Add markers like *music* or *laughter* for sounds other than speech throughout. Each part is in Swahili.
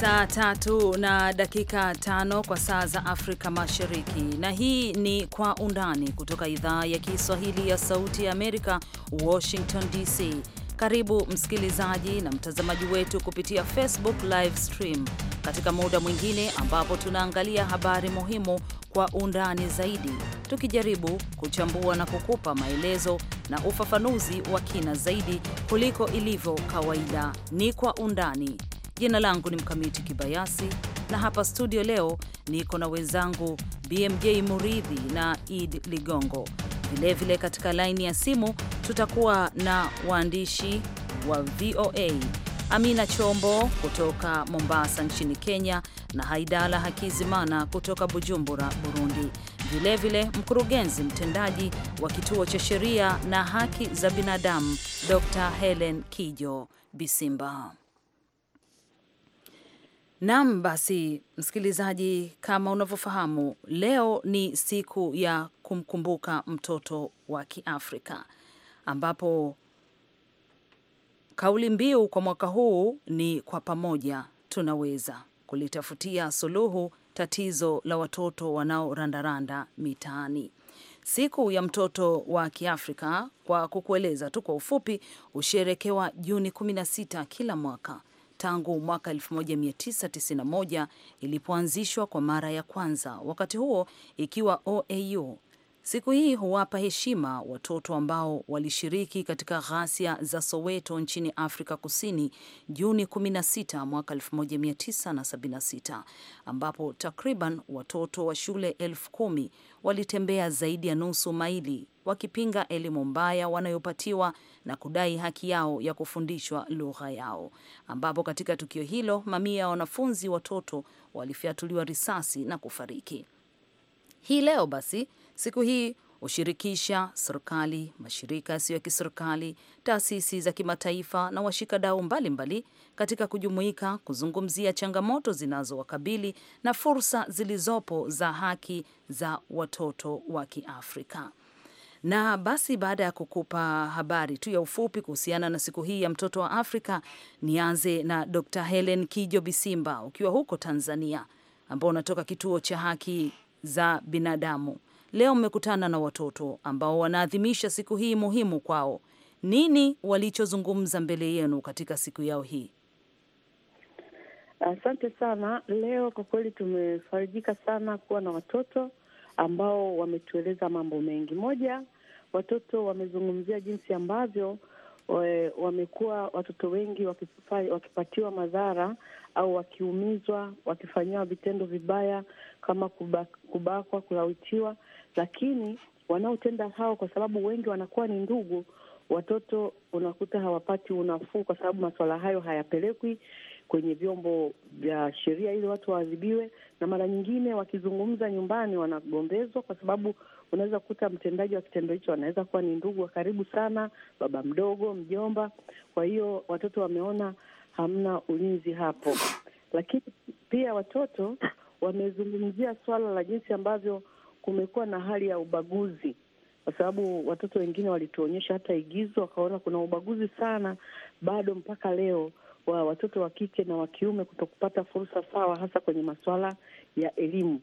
Saa tatu na dakika tano kwa saa za Afrika Mashariki, na hii ni Kwa Undani kutoka idhaa ya Kiswahili ya Sauti ya Amerika, Washington DC. Karibu msikilizaji na mtazamaji wetu kupitia Facebook live stream katika muda mwingine ambapo tunaangalia habari muhimu kwa undani zaidi, tukijaribu kuchambua na kukupa maelezo na ufafanuzi wa kina zaidi kuliko ilivyo kawaida. Ni Kwa Undani. Jina langu ni Mkamiti Kibayasi na hapa studio leo niko na wenzangu BMJ Muridhi na Id Ligongo. Vilevile katika laini ya simu tutakuwa na waandishi wa VOA Amina Chombo kutoka Mombasa nchini Kenya na Haidala Hakizimana kutoka Bujumbura, Burundi. Vilevile mkurugenzi mtendaji wa kituo cha sheria na haki za binadamu Dr. Helen Kijo Bisimba. Naam, basi msikilizaji, kama unavyofahamu, leo ni siku ya kumkumbuka mtoto wa Kiafrika ambapo kauli mbiu kwa mwaka huu ni kwa pamoja tunaweza kulitafutia suluhu tatizo la watoto wanaorandaranda mitaani. Siku ya mtoto wa Kiafrika, kwa kukueleza tu kwa ufupi, husherekewa Juni 16 kila mwaka tangu mwaka 1991 ilipoanzishwa kwa mara ya kwanza, wakati huo ikiwa OAU. Siku hii huwapa heshima watoto ambao walishiriki katika ghasia za Soweto nchini Afrika Kusini Juni 16 mwaka 1976 ambapo takriban watoto wa shule elfu kumi walitembea zaidi ya nusu maili wakipinga elimu mbaya wanayopatiwa na kudai haki yao ya kufundishwa lugha yao, ambapo katika tukio hilo mamia ya wanafunzi watoto walifyatuliwa risasi na kufariki. Hii leo basi, siku hii hushirikisha serikali, mashirika yasiyo ya kiserikali, taasisi za kimataifa na washikadau mbalimbali katika kujumuika kuzungumzia changamoto zinazowakabili na fursa zilizopo za haki za watoto wa Kiafrika. Na basi baada ya kukupa habari tu ya ufupi kuhusiana na siku hii ya mtoto wa Afrika, nianze na Dr. Helen Kijo Bisimba, ukiwa huko Tanzania, ambao unatoka kituo cha haki za binadamu. Leo mmekutana na watoto ambao wanaadhimisha siku hii muhimu kwao. Nini walichozungumza mbele yenu katika siku yao hii? Asante sana. Leo kwa kweli tumefarijika sana kuwa na watoto ambao wametueleza mambo mengi. Moja, watoto wamezungumzia jinsi ambavyo wamekuwa watoto wengi wakipatiwa madhara au wakiumizwa, wakifanyiwa vitendo vibaya kama kubakwa, kulawitiwa, lakini wanaotenda hao, kwa sababu wengi wanakuwa ni ndugu, watoto unakuta hawapati unafuu, kwa sababu masuala hayo hayapelekwi kwenye vyombo vya sheria ili watu waadhibiwe, na mara nyingine wakizungumza nyumbani wanagombezwa, kwa sababu unaweza kukuta mtendaji wa kitendo hicho anaweza kuwa ni ndugu wa karibu sana, baba mdogo, mjomba. Kwa hiyo watoto wameona hamna ulinzi hapo, lakini pia watoto wamezungumzia swala la jinsi ambavyo kumekuwa na hali ya ubaguzi kwa sababu watoto wengine walituonyesha hata igizo, wakaona kuna ubaguzi sana bado mpaka leo wa watoto wa kike na wa kiume kuto kupata fursa sawa, hasa kwenye masuala ya elimu.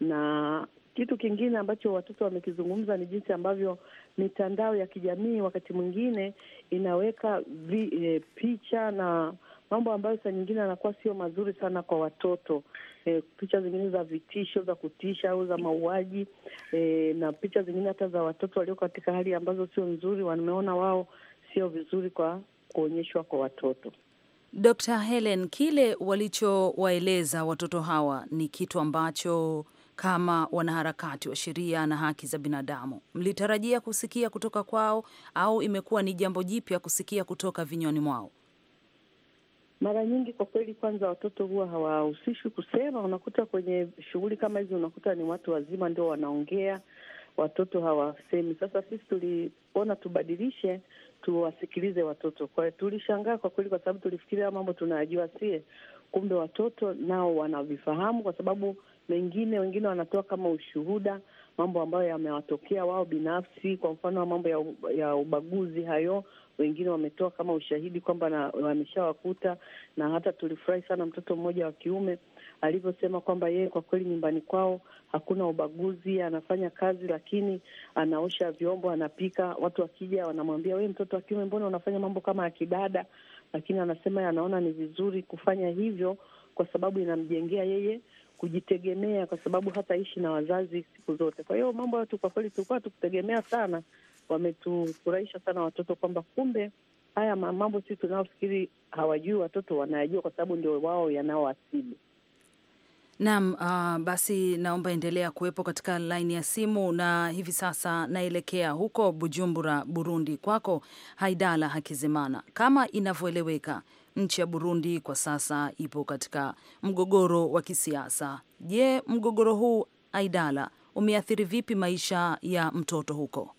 Na kitu kingine ambacho watoto wamekizungumza ni jinsi ambavyo mitandao ya kijamii wakati mwingine inaweka vi, e, picha na mambo ambayo saa nyingine anakuwa sio mazuri sana kwa watoto e, picha zingine za vitisho za kutisha au za mauaji e, na picha zingine hata za watoto walio katika hali ambazo sio nzuri, wameona wao sio vizuri kwa kuonyeshwa kwa watoto. Dr. Helen, kile walichowaeleza watoto hawa ni kitu ambacho kama wanaharakati wa sheria na haki za binadamu mlitarajia kusikia kutoka kwao au imekuwa ni jambo jipya kusikia kutoka vinywani mwao? Mara nyingi kwa kweli, kwanza watoto huwa hawahusishwi kusema. Unakuta kwenye shughuli kama hizi, unakuta ni watu wazima ndio wanaongea, watoto hawasemi. Sasa sisi tuliona tubadilishe, tuwasikilize watoto. Kwa hiyo tulishangaa kwa kweli, kwa sababu tulifikiria mambo tunayajua sie, kumbe watoto nao wanavifahamu, kwa sababu mengine, wengine wanatoa kama ushuhuda mambo ambayo yamewatokea wao binafsi, kwa mfano mambo ya, ya ubaguzi hayo wengine wametoa kama ushahidi kwamba wameshawakuta, na hata tulifurahi sana, mtoto mmoja wa kiume alivyosema kwamba yeye kwa kweli nyumbani kwao hakuna ubaguzi, anafanya kazi lakini anaosha vyombo, anapika. Watu wakija wanamwambia wee mtoto wa kiume, mbona unafanya mambo kama akidada? Lakini anasema anaona ni vizuri kufanya hivyo kwa sababu inamjengea yeye kujitegemea, kwa sababu hataishi na wazazi siku zote. Kwa hiyo mambo yatu kwa kweli tulikuwa tukutegemea sana, wametufurahisha sana watoto kwamba kumbe haya mambo sisi tunaofikiri hawajui, watoto wanayajua, kwa sababu ndio wao yanaoasili. Naam, uh, basi naomba endelea kuwepo katika laini ya simu, na hivi sasa naelekea huko Bujumbura, Burundi, kwako Haidala Hakizimana. Kama inavyoeleweka, nchi ya Burundi kwa sasa ipo katika mgogoro wa kisiasa. Je, mgogoro huu Haidala umeathiri vipi maisha ya mtoto huko?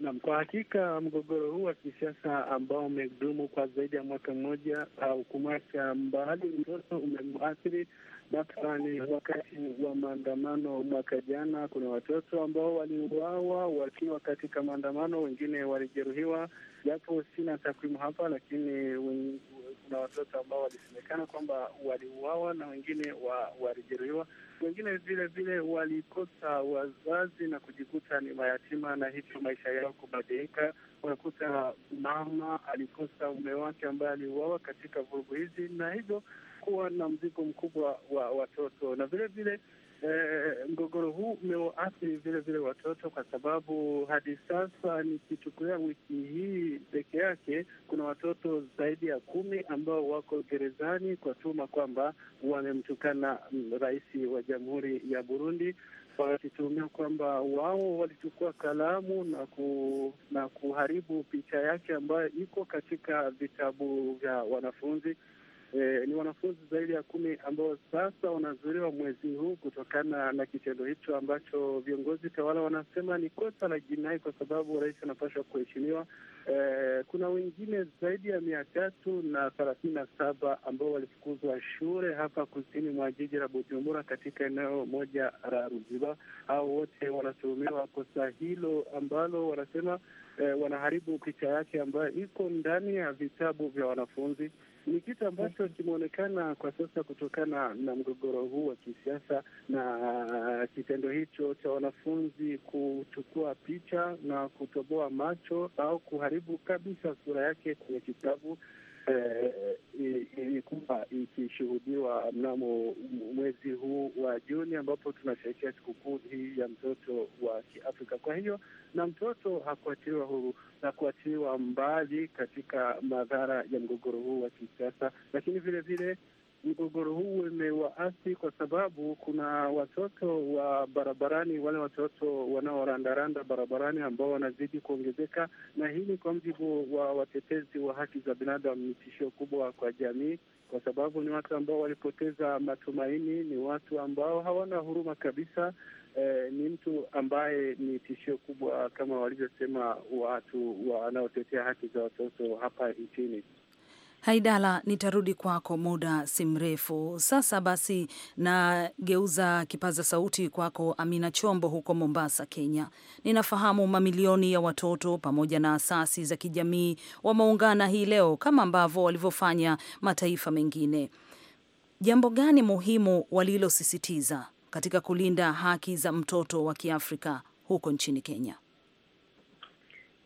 Naam, kwa hakika mgogoro huu wa kisiasa ambao umedumu kwa zaidi ya mwaka mmoja au uh, kumwacha mbali mtoto umemwathiri mathalani. Wakati wa maandamano mwaka jana, kuna watoto ambao waliuawa wakiwa katika maandamano, wengine walijeruhiwa, japo sina takwimu hapa, lakini kuna watoto ambao walisemekana kwamba waliuawa na wengine wa, walijeruhiwa wengine vile vile walikosa wazazi na kujikuta ni mayatima, na hivyo maisha yao kubadilika. Unakuta mama alikosa mume wake ambaye aliuawa katika vurugu hizi, na hivyo kuwa na mzigo mkubwa wa watoto na vile vile Eh, mgogoro huu umewaathiri vile vile watoto, kwa sababu hadi sasa nikichukulia wiki hii peke yake, kuna watoto zaidi ya kumi ambao wako gerezani kwa tuma kwamba wamemtukana rais wa Jamhuri ya Burundi wakitumia kwamba wao walichukua kalamu na ku, na kuharibu picha yake ambayo iko katika vitabu vya wanafunzi E, ni wanafunzi zaidi ya kumi ambao sasa wanazuiliwa mwezi huu kutokana na kitendo hicho ambacho viongozi tawala wanasema ni kosa la jinai, kwa sababu rais anapaswa kuheshimiwa. E, kuna wengine zaidi ya mia tatu na thelathini na saba ambao walifukuzwa shule hapa kusini mwa jiji la Bujumbura katika eneo moja la Ruziba. Hao wote wanatuhumiwa kosa hilo ambalo wanasema e, wanaharibu picha yake ambayo iko ndani ya vitabu vya wanafunzi ni kitu ambacho kimeonekana kwa sasa kutokana na mgogoro huu wa kisiasa na kitendo hicho cha wanafunzi kuchukua picha na kutoboa macho au kuharibu kabisa sura yake kwenye kitabu Eh, eh, eh, ilikuwa eh, ikishuhudiwa mnamo mwezi huu wa Juni ambapo tunasherehekea sikukuu hii ya mtoto wa Kiafrika. Kwa hiyo na mtoto hakuachiliwa huru na kuachiliwa mbali katika madhara ya mgogoro huu wa kisiasa, lakini vilevile mgogoro huu umewaathiri kwa sababu kuna watoto wa barabarani, wale watoto wanaorandaranda barabarani ambao wanazidi kuongezeka, na hii ni kwa mjibu wa watetezi wa haki za binadamu, ni tishio kubwa kwa jamii, kwa sababu ni watu ambao walipoteza matumaini, ni watu ambao hawana huruma kabisa. Eh, ni mtu ambaye ni tishio kubwa kama walivyosema watu wanaotetea haki za watoto hapa nchini. Haidala, nitarudi kwako muda si mrefu. Sasa basi, nageuza kipaza sauti kwako Amina Chombo huko Mombasa, Kenya. Ninafahamu mamilioni ya watoto pamoja na asasi za kijamii wameungana hii leo kama ambavyo walivyofanya mataifa mengine. Jambo gani muhimu walilosisitiza katika kulinda haki za mtoto wa Kiafrika huko nchini Kenya?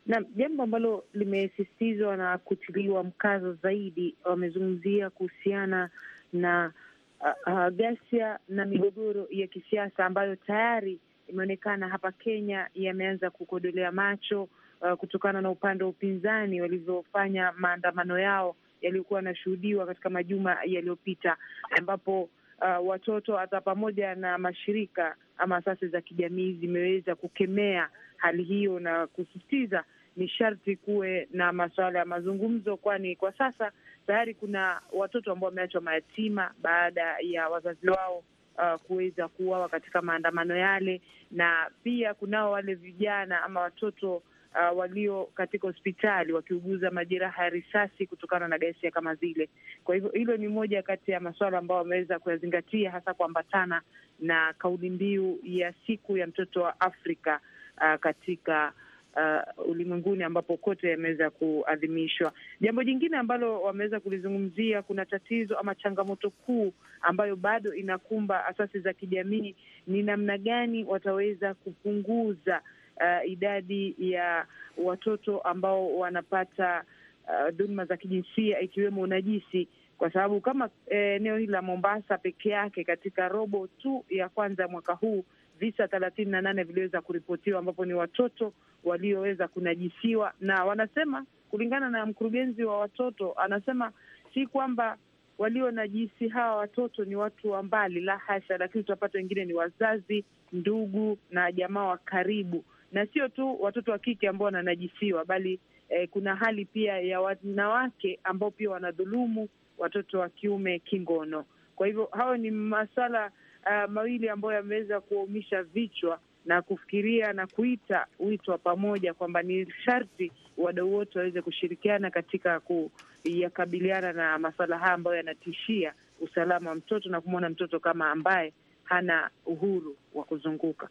na jambo ambalo limesisitizwa na kutiliwa mkazo zaidi, wamezungumzia kuhusiana na uh, uh, ghasia na migogoro ya kisiasa ambayo tayari imeonekana hapa Kenya yameanza kukodolea macho uh, kutokana na upande wa upinzani walivyofanya maandamano yao yaliyokuwa yanashuhudiwa katika majuma yaliyopita, ambapo uh, watoto hata pamoja na mashirika ama asasi za kijamii zimeweza kukemea hali hiyo na kusisitiza ni sharti kuwe na masuala ya mazungumzo, kwani kwa sasa tayari kuna watoto ambao wameachwa mayatima baada ya wazazi wao uh, kuweza kuuawa katika maandamano yale, na pia kunao wale vijana ama watoto uh, walio katika hospitali wakiuguza majeraha ya risasi kutokana na gasia kama zile. Kwa hivyo hilo ni moja kati ya masuala ambayo wameweza kuyazingatia, hasa kuambatana na kauli mbiu ya siku ya mtoto wa Afrika uh, katika Uh, ulimwenguni ambapo kote yameweza kuadhimishwa. Jambo jingine ambalo wameweza kulizungumzia, kuna tatizo ama changamoto kuu ambayo bado inakumba asasi za kijamii ni namna gani wataweza kupunguza uh, idadi ya watoto ambao wanapata uh, dhuluma za kijinsia ikiwemo unajisi, kwa sababu kama eh, eneo eh, hili la Mombasa peke yake katika robo tu ya kwanza mwaka huu visa thelathini na nane viliweza kuripotiwa ambapo ni watoto walioweza kunajisiwa, na wanasema kulingana na mkurugenzi wa watoto anasema si kwamba walionajisi hawa watoto ni watu wa mbali, la hasha, lakini tutapata wengine ni wazazi, ndugu na jamaa wa karibu na sio tu watoto wa kike ambao wananajisiwa, bali eh, kuna hali pia ya wanawake ambao pia wanadhulumu watoto wa kiume kingono. Kwa hivyo hayo ni maswala uh, mawili ambayo yameweza kuwaumisha vichwa na kufikiria na kuita wito wa pamoja kwamba ni sharti wadau wote waweze kushirikiana katika kuyakabiliana na masuala haya ambayo yanatishia usalama wa mtoto na kumwona mtoto kama ambaye hana uhuru wa kuzunguka.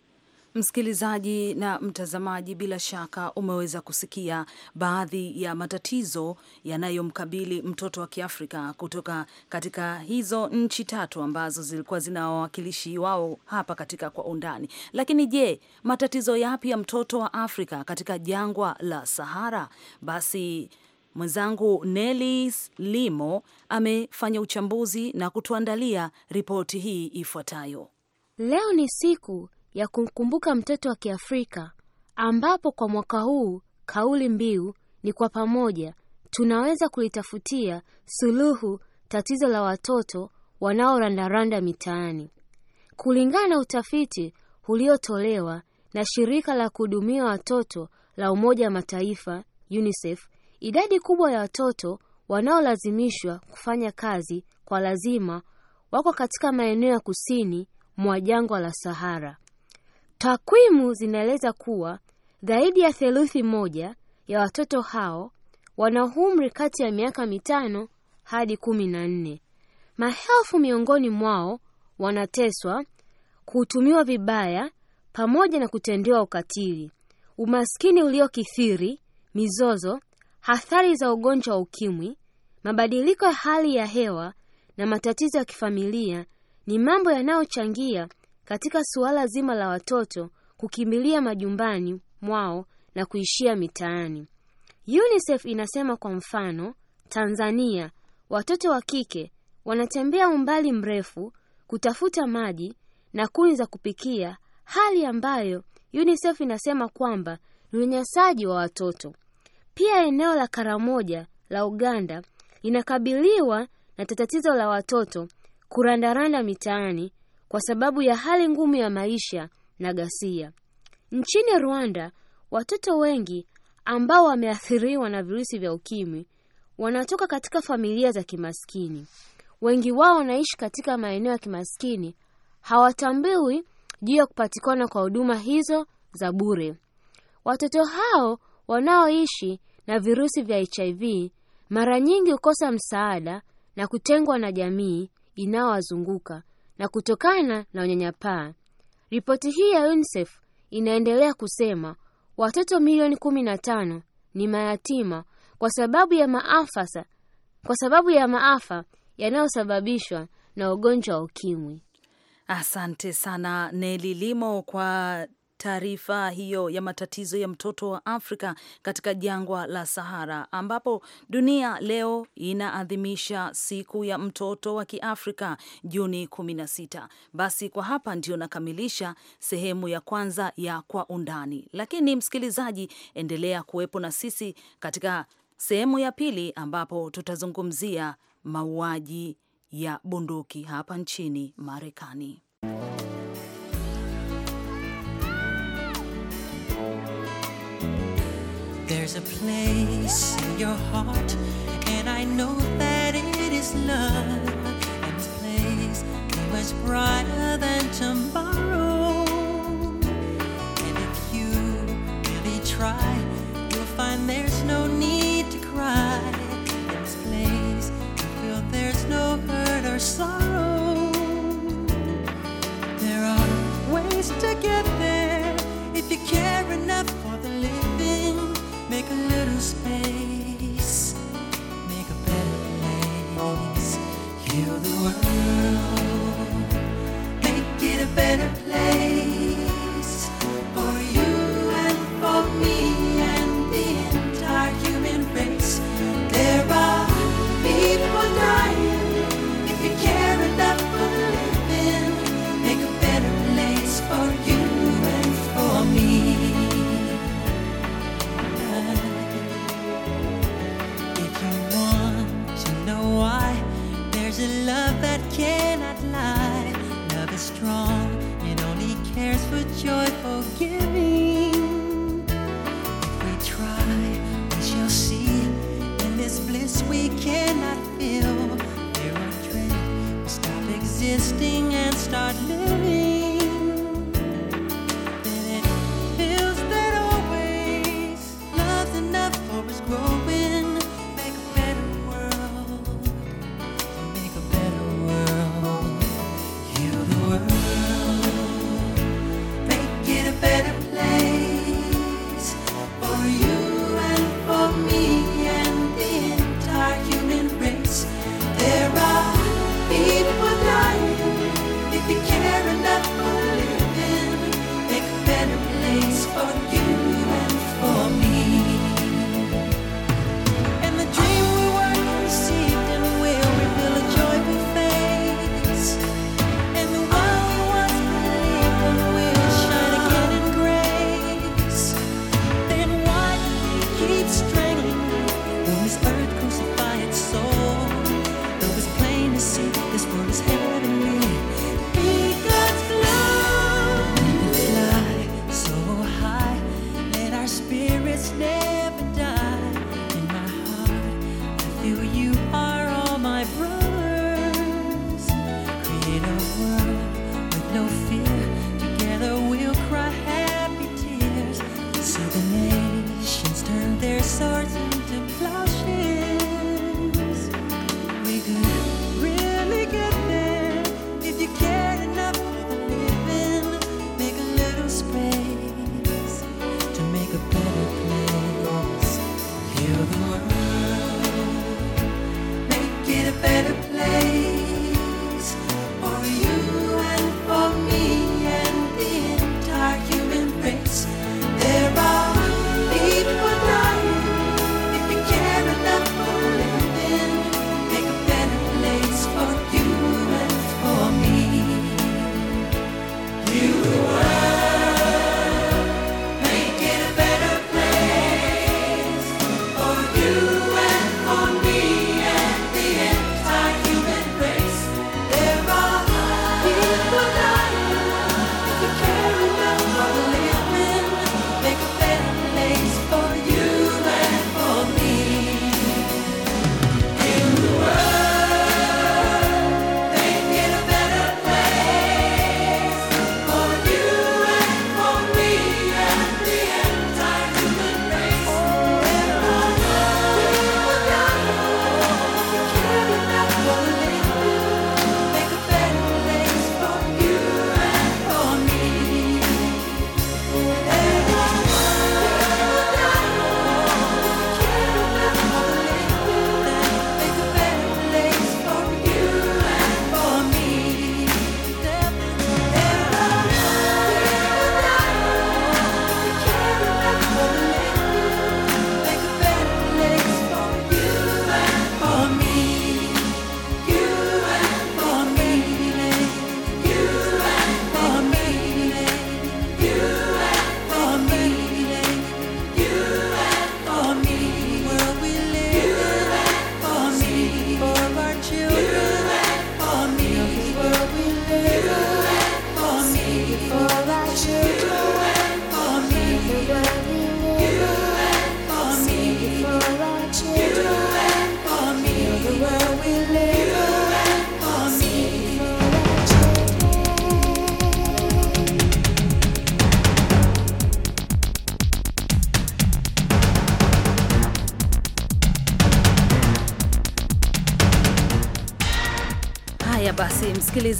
Msikilizaji na mtazamaji, bila shaka umeweza kusikia baadhi ya matatizo yanayomkabili mtoto wa Kiafrika kutoka katika hizo nchi tatu ambazo zilikuwa zina wawakilishi wao hapa katika Kwa Undani. Lakini je, matatizo yapi ya mtoto wa Afrika katika jangwa la Sahara? Basi mwenzangu Nelis Limo amefanya uchambuzi na kutuandalia ripoti hii ifuatayo. Leo ni siku ya kumkumbuka mtoto wa Kiafrika ambapo kwa mwaka huu kauli mbiu ni kwa pamoja tunaweza kulitafutia suluhu tatizo la watoto wanaorandaranda mitaani. Kulingana na utafiti uliotolewa na shirika la kuhudumia watoto la Umoja wa Mataifa UNICEF, idadi kubwa ya watoto wanaolazimishwa kufanya kazi kwa lazima wako katika maeneo ya kusini mwa jangwa la Sahara. Takwimu zinaeleza kuwa zaidi ya theluthi moja ya watoto hao wana umri kati ya miaka mitano hadi kumi na nne. Maelfu miongoni mwao wanateswa, kutumiwa vibaya pamoja na kutendewa ukatili. Umaskini uliokithiri, mizozo, athari za ugonjwa wa ukimwi, mabadiliko ya hali ya hewa na matatizo ya kifamilia ni mambo yanayochangia katika suala zima la watoto kukimbilia majumbani mwao na kuishia mitaani. UNICEF inasema kwa mfano, Tanzania watoto wa kike wanatembea umbali mrefu kutafuta maji na kuni za kupikia, hali ambayo UNICEF inasema kwamba ni unyanyasaji wa watoto. Pia eneo la Karamoja la Uganda linakabiliwa na tatizo la watoto kurandaranda mitaani kwa sababu ya hali ngumu ya maisha na ghasia. Nchini Rwanda, watoto wengi ambao wameathiriwa na virusi vya ukimwi wanatoka katika familia za kimaskini. Wengi wao wanaishi katika maeneo ya kimaskini, hawatambiwi juu ya kupatikana kwa huduma hizo za bure. Watoto hao wanaoishi na virusi vya HIV mara nyingi hukosa msaada na kutengwa na jamii inayowazunguka na kutokana na unyanyapaa. Ripoti hii ya UNICEF inaendelea kusema watoto milioni kumi na tano ni mayatima kwa sababu ya maafa kwa sababu ya maafa yanayosababishwa na ugonjwa wa ukimwi. Asante sana Neli Limo kwa taarifa hiyo ya matatizo ya mtoto wa Afrika katika jangwa la Sahara, ambapo dunia leo inaadhimisha siku ya mtoto wa Kiafrika Juni 16. Basi kwa hapa ndio nakamilisha sehemu ya kwanza ya Kwa Undani, lakini msikilizaji, endelea kuwepo na sisi katika sehemu ya pili ambapo tutazungumzia mauaji ya bunduki hapa nchini Marekani. There's a place in your heart, and I know that it is love. And this place is much brighter than tomorrow. give perder.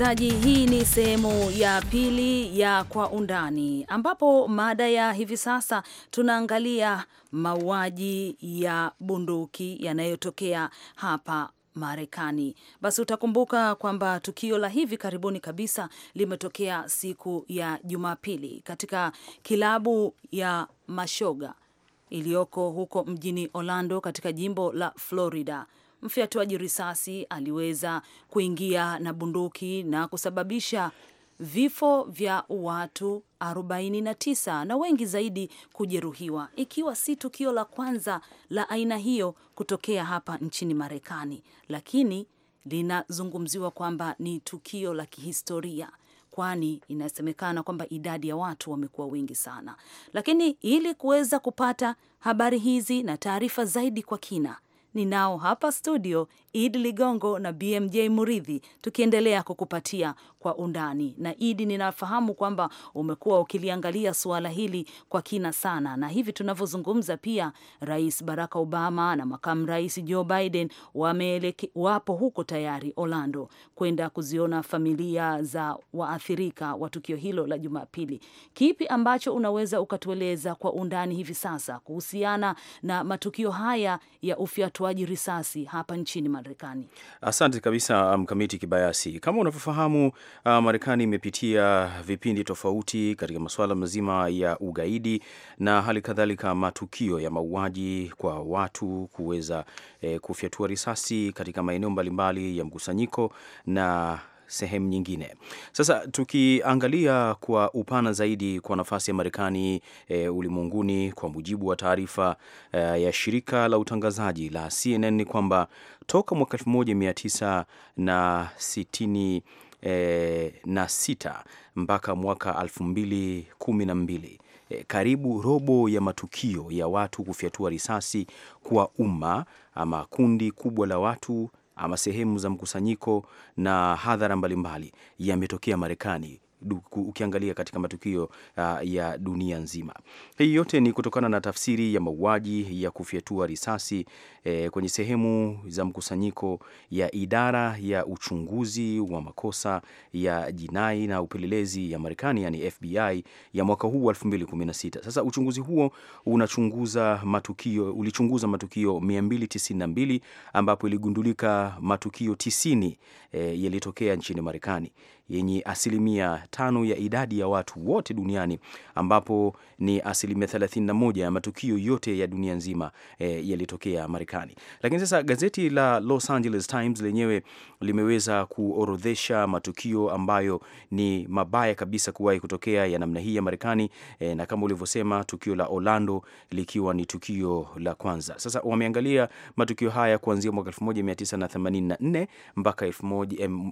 msikilizaji, hii ni sehemu ya pili ya Kwa Undani, ambapo mada ya hivi sasa tunaangalia mauaji ya bunduki yanayotokea hapa Marekani. Basi utakumbuka kwamba tukio la hivi karibuni kabisa limetokea siku ya Jumapili katika kilabu ya mashoga iliyoko huko mjini Orlando katika jimbo la Florida mfyatuaji risasi aliweza kuingia na bunduki na kusababisha vifo vya watu 49 na wengi zaidi kujeruhiwa, ikiwa si tukio la kwanza la aina hiyo kutokea hapa nchini Marekani, lakini linazungumziwa kwamba ni tukio la kihistoria kwani inasemekana kwamba idadi ya watu wamekuwa wengi sana. Lakini ili kuweza kupata habari hizi na taarifa zaidi kwa kina, ninao hapa studio Idi Ligongo na BMJ Muridhi, tukiendelea kukupatia kwa undani. Na Idi, ninafahamu kwamba umekuwa ukiliangalia suala hili kwa kina sana, na hivi tunavyozungumza pia Rais Barack Obama na makamu rais Joe Biden wameeleke, wapo huko tayari Orlando kwenda kuziona familia za waathirika wa tukio hilo la Jumapili. Kipi ambacho unaweza ukatueleza kwa undani hivi sasa kuhusiana na matukio haya ya ufiatu utoaji risasi hapa nchini Marekani. Asante kabisa uh, Mkamiti Kibayasi. Kama unavyofahamu, uh, Marekani imepitia vipindi tofauti katika masuala mazima ya ugaidi na hali kadhalika matukio ya mauaji kwa watu kuweza eh, kufyatua risasi katika maeneo mbalimbali ya mkusanyiko na sehemu nyingine. Sasa tukiangalia kwa upana zaidi kwa nafasi ya Marekani e, ulimwenguni, kwa mujibu wa taarifa e, ya shirika la utangazaji la CNN ni kwamba toka mwaka sitini E, na sita mpaka mwaka elfu mbili kumi na mbili e, karibu robo ya matukio ya watu kufyatua risasi kwa umma ama kundi kubwa la watu ama sehemu za mkusanyiko na hadhara mbalimbali yametokea Marekani ukiangalia katika matukio uh, ya dunia nzima. Hii yote ni kutokana na tafsiri ya mauaji ya kufyatua risasi eh, kwenye sehemu za mkusanyiko ya idara ya uchunguzi wa makosa ya jinai na upelelezi ya Marekani, yani FBI ya mwaka huu wa 2016. Sasa uchunguzi huo unachunguza matukio, ulichunguza matukio 292 ambapo iligundulika matukio 90 eh, yaliyotokea nchini Marekani yenye asilimia tano ya idadi ya watu wote duniani ambapo ni asilimia 31 ya matukio yote ya dunia nzima e, yalitokea Marekani. Lakini sasa gazeti la Los Angeles Times lenyewe limeweza kuorodhesha matukio ambayo ni mabaya kabisa kuwahi kutokea ya namna hii ya Marekani e, na kama ulivyosema tukio la Orlando likiwa ni tukio la kwanza. Sasa wameangalia matukio haya kuanzia mwaka 1984 mpaka eh,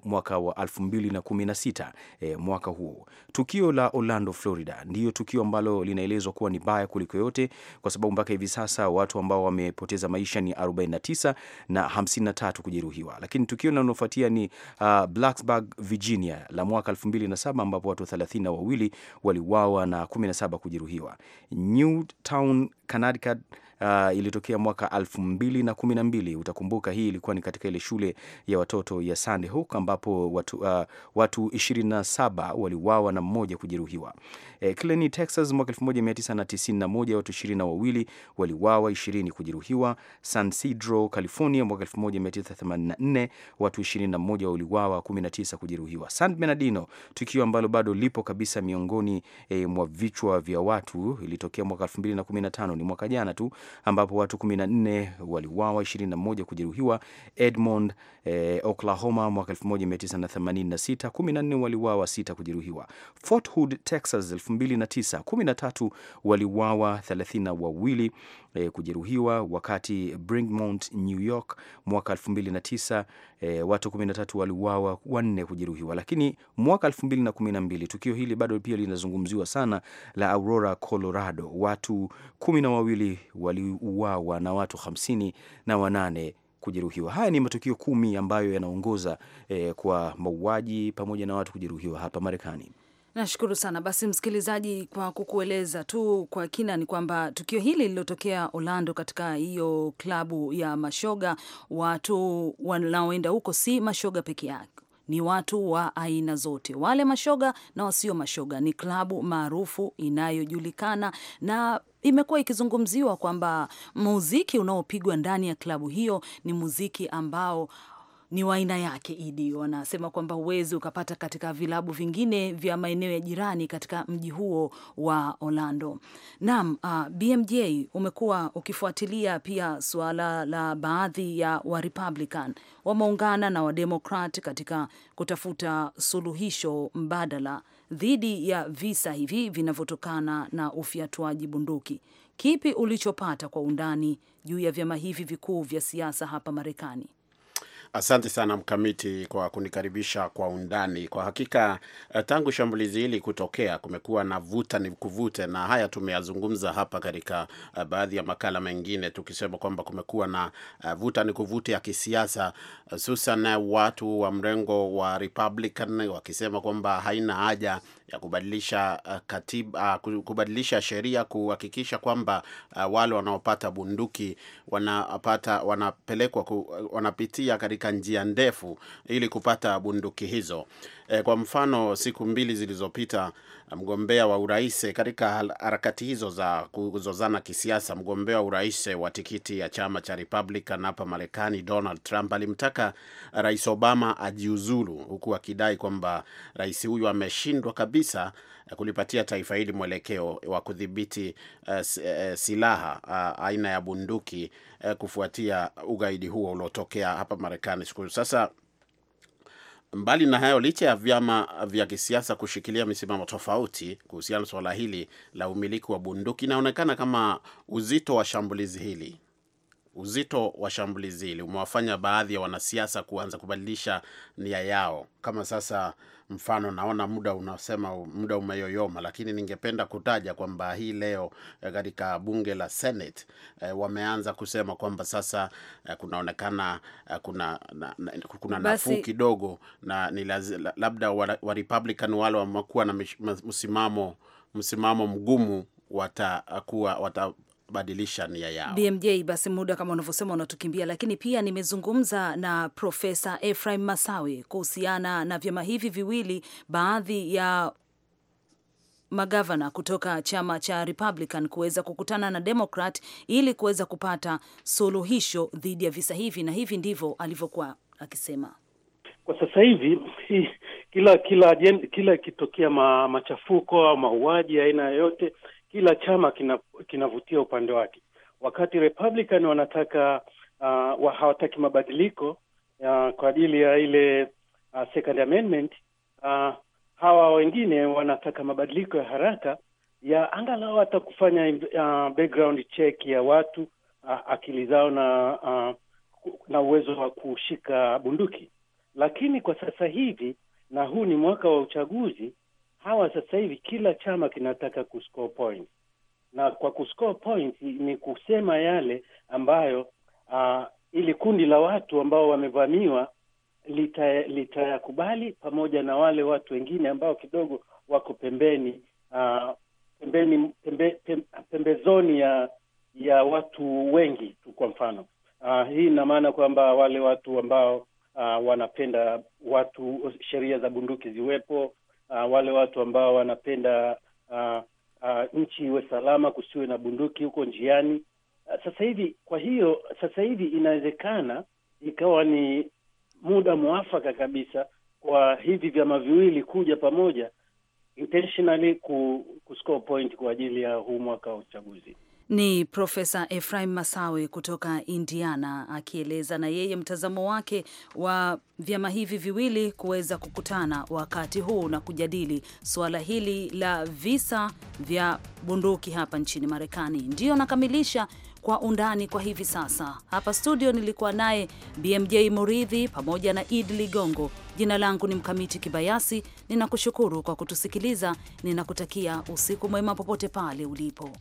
mwaka wa 2010 16 e, mwaka huu. Tukio la Orlando, Florida ndiyo tukio ambalo linaelezwa kuwa ni baya kuliko yote kwa sababu mpaka hivi sasa watu ambao wamepoteza maisha ni 49 na 53 kujeruhiwa. Lakini tukio linalofuatia ni uh, Blacksburg, Virginia la mwaka 2007 ambapo watu 32 waliuawa na 17 kujeruhiwa. Newtown, Connecticut uh, ilitokea mwaka elfu mbili na kumi na mbili. Utakumbuka hii ilikuwa ni katika ile shule ya watoto ya Sandy Hook ambapo watu, uh, watu 27 waliuawa na mmoja kujeruhiwa. Eh, Killeen, Texas mwaka 1991 watu 20 wawili waliuawa, 20 kujeruhiwa. San Cedro, California mwaka 1984 watu 21 waliuawa, 19 kujeruhiwa. San Bernardino, tukio ambalo bado lipo kabisa miongoni eh, mwa vichwa vya watu ilitokea mwaka 2015, ni mwaka jana tu ambapo watu 14 waliuawa, 21 kujeruhiwa Edmond, eh, Oklahoma mwaka 1986, 14 waliuawa, 6 kujeruhiwa. Fort Hood, Texas 2009, 13 waliuawa, 30 wawili eh, kujeruhiwa, wakati Bringmont New York mwaka 2009, eh, watu 13 waliuawa, wanne kujeruhiwa. Lakini mwaka 2012 tukio hili bado pia linazungumziwa sana la Aurora, Colorado, watu 12 wali waliuawa na watu hamsini na wanane kujeruhiwa. Haya ni matukio kumi ambayo yanaongoza eh, kwa mauaji pamoja na watu kujeruhiwa hapa Marekani. Nashukuru sana basi, msikilizaji, kwa kukueleza tu kwa kina ni kwamba tukio hili lililotokea Orlando katika hiyo klabu ya mashoga, watu wanaoenda huko si mashoga peke yake ni watu wa aina zote, wale mashoga na wasio mashoga. Ni klabu maarufu inayojulikana na imekuwa ikizungumziwa kwamba muziki unaopigwa ndani ya klabu hiyo ni muziki ambao ni wa aina yake. Idi wanasema kwamba huwezi ukapata katika vilabu vingine vya maeneo ya jirani katika mji huo wa Orlando. Naam, uh, ah, BMJ umekuwa ukifuatilia pia suala la baadhi ya wa Republican wameungana na Democrat katika kutafuta suluhisho mbadala dhidi ya visa hivi vinavyotokana na ufyatuaji bunduki. Kipi ulichopata kwa undani juu ya vyama hivi vikuu vya siasa hapa Marekani? Asante sana Mkamiti kwa kunikaribisha kwa undani. Kwa hakika eh, tangu shambulizi hili kutokea, kumekuwa na vuta ni kuvute, na haya tumeyazungumza hapa katika eh, baadhi ya makala mengine, tukisema kwamba kumekuwa na eh, vuta ni kuvute ya kisiasa, hususan watu wa mrengo wa Republican wakisema kwamba haina haja ya kubadilisha katiba ah, kubadilisha sheria kuhakikisha kwamba wale wanaopata bunduki wanapata wanapelekwa wanapitia katika katika njia ndefu ili kupata bunduki hizo. E, kwa mfano siku mbili zilizopita mgombea wa urais katika harakati hizo za kuzozana kisiasa, mgombea wa urais wa tikiti ya chama cha Republican hapa Marekani, Donald Trump alimtaka Rais Obama ajiuzulu, huku akidai kwamba rais huyu ameshindwa kabisa kulipatia taifa hili mwelekeo wa kudhibiti uh, silaha uh, aina ya bunduki uh, kufuatia ugaidi huo uliotokea hapa Marekani siku sasa. Mbali na hayo, licha ya vyama vya kisiasa kushikilia misimamo tofauti kuhusiana na suala hili la umiliki wa bunduki, inaonekana kama uzito wa shambulizi hili uzito wa shambulizi hili umewafanya baadhi ya wanasiasa kuanza kubadilisha nia yao, kama sasa mfano naona muda unasema muda umeyoyoma, lakini ningependa kutaja kwamba hii leo eh, katika bunge la Senate e, wameanza kusema kwamba sasa e, kunaonekana e, kuna, na, na, kuna nafuu kidogo na ni labda wa, wa Republican wale wamekuwa na msimamo msimamo mgumu watakuwa wata badilisha nia yao. BMJ, basi muda kama unavyosema unatukimbia, lakini pia nimezungumza na Profesa Efraim Masawe kuhusiana na vyama hivi viwili, baadhi ya magavana kutoka chama cha Republican kuweza kukutana na Democrat ili kuweza kupata suluhisho dhidi ya visa hivi, na hivi ndivyo alivyokuwa akisema. Kwa sasa hivi *laughs* kila kila kila ikitokea machafuko au mauaji aina yoyote kila chama kinavutia kina upande wake. Wakati Republican wanataka uh, wa hawataki mabadiliko uh, kwa ajili ya ile uh, second amendment uh, hawa wengine wanataka mabadiliko ya haraka ya angalau hata kufanya uh, background check ya watu uh, akili zao na uh, na uwezo wa kushika bunduki. Lakini kwa sasa hivi, na huu ni mwaka wa uchaguzi, hawa sasa hivi kila chama kinataka kuscore point, na kwa kuscore point ni kusema yale ambayo uh, ili kundi la watu ambao wamevamiwa litayakubali lita pamoja na wale watu wengine ambao kidogo wako pembeni uh, pembeni pembe, pembe, pembezoni ya ya watu wengi tu. Kwa mfano uh, hii ina maana kwamba wale watu ambao uh, wanapenda watu sheria za bunduki ziwepo uh, wale watu ambao wanapenda uh, uh, nchi iwe salama, kusiwe na bunduki huko njiani. Uh, sasa hivi, kwa hiyo sasa hivi inawezekana ikawa ni muda mwafaka kabisa kwa hivi vyama viwili kuja pamoja intentionally ku, point kwa ajili ya huu mwaka wa uchaguzi. Ni Profesa Efraim Masawe kutoka Indiana akieleza na yeye mtazamo wake wa vyama hivi viwili kuweza kukutana wakati huu na kujadili suala hili la visa vya bunduki hapa nchini Marekani. Ndiyo nakamilisha kwa undani kwa hivi sasa. Hapa studio nilikuwa naye BMJ Muridhi pamoja na Id Ligongo. Jina langu ni Mkamiti Kibayasi, ninakushukuru kwa kutusikiliza, ninakutakia usiku mwema popote pale ulipo.